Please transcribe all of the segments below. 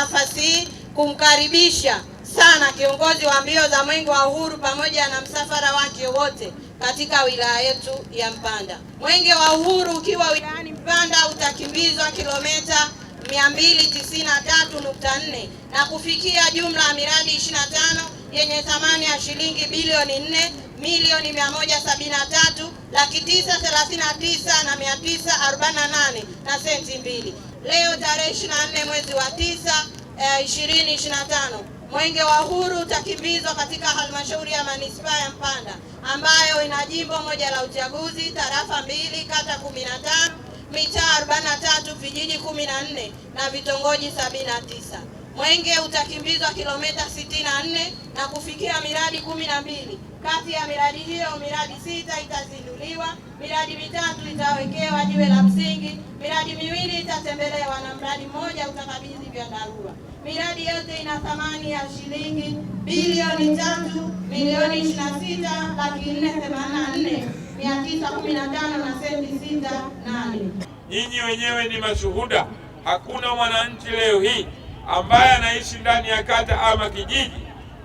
nafasi hii kumkaribisha sana kiongozi wa mbio za Mwenge wa Uhuru pamoja na msafara wake wote katika wilaya yetu ya Mpanda. Mwenge wa Uhuru ukiwa wilayani Mpanda utakimbizwa kilomita 293.4 na kufikia jumla ya miradi 25 yenye thamani ya shilingi bilioni 4 milioni 173 laki 939 na 948 na senti mbili leo tarehe 24 mwezi wa 9 2025 eh, Mwenge wa Uhuru utakimbizwa katika halmashauri ya manispaa ya Mpanda ambayo ina jimbo moja la uchaguzi, tarafa mbili, kata 15, mitaa 43, vijiji 14 na vitongoji 79. Mwenge utakimbizwa kilomita 64 na kufikia miradi kumi na mbili. Kati ya miradi hiyo, miradi sita itazinduliwa, miradi mitatu itawekewa jiwe la msingi, miradi miwili itatembelewa na mradi mmoja utakabidhi vya dharura. Miradi yote ina thamani ya shilingi bilioni tatu milioni 26 laki 484 mia tisa tano na senti sita nane. Nyinyi wenyewe ni mashuhuda, hakuna mwananchi leo hii ambaye anaishi ndani ya kata ama kijiji,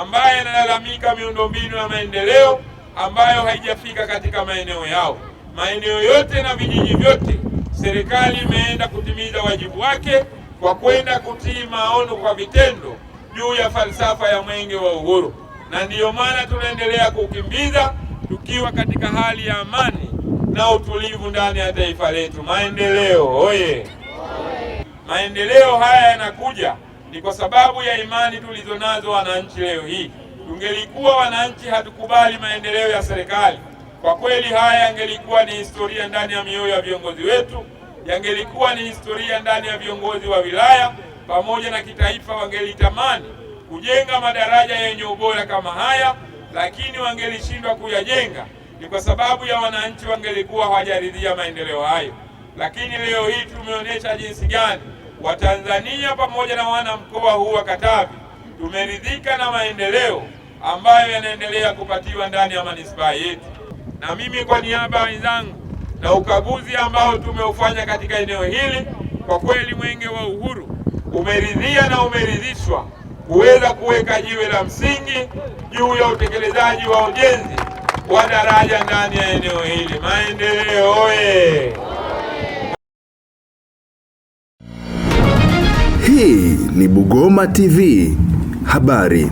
ambaye analalamika miundombinu ya maendeleo ambayo haijafika katika maeneo yao. Maeneo yote na vijiji vyote, serikali imeenda kutimiza wajibu wake kwa kwenda kutii maono kwa vitendo juu ya falsafa ya Mwenge wa Uhuru, na ndiyo maana tunaendelea kukimbiza tukiwa katika hali ya amani na utulivu ndani ya taifa letu. Maendeleo oye! Maendeleo haya yanakuja ni kwa sababu ya imani tulizonazo wananchi leo hii. Tungelikuwa wananchi hatukubali maendeleo ya serikali, kwa kweli haya yangelikuwa ni historia ndani ya mioyo ya viongozi wetu, yangelikuwa ni historia ndani ya viongozi wa wilaya pamoja na kitaifa. Wangelitamani kujenga madaraja yenye ubora kama haya, lakini wangelishindwa kuyajenga, ni kwa sababu ya wananchi wangelikuwa hawajaridhia maendeleo hayo. Lakini leo hii tumeonyesha jinsi gani Watanzania pamoja na wana mkoa huu wa Katavi tumeridhika na maendeleo ambayo yanaendelea kupatiwa ndani ya manispaa yetu, na mimi kwa niaba ya wenzangu na ukaguzi ambao tumeufanya katika eneo hili, kwa kweli Mwenge wa Uhuru umeridhia na umeridhishwa kuweza kuweka jiwe la msingi juu ya utekelezaji wa ujenzi wa daraja ndani ya eneo hili. Maendeleo oye! Hii ni Bugoma TV. Habari.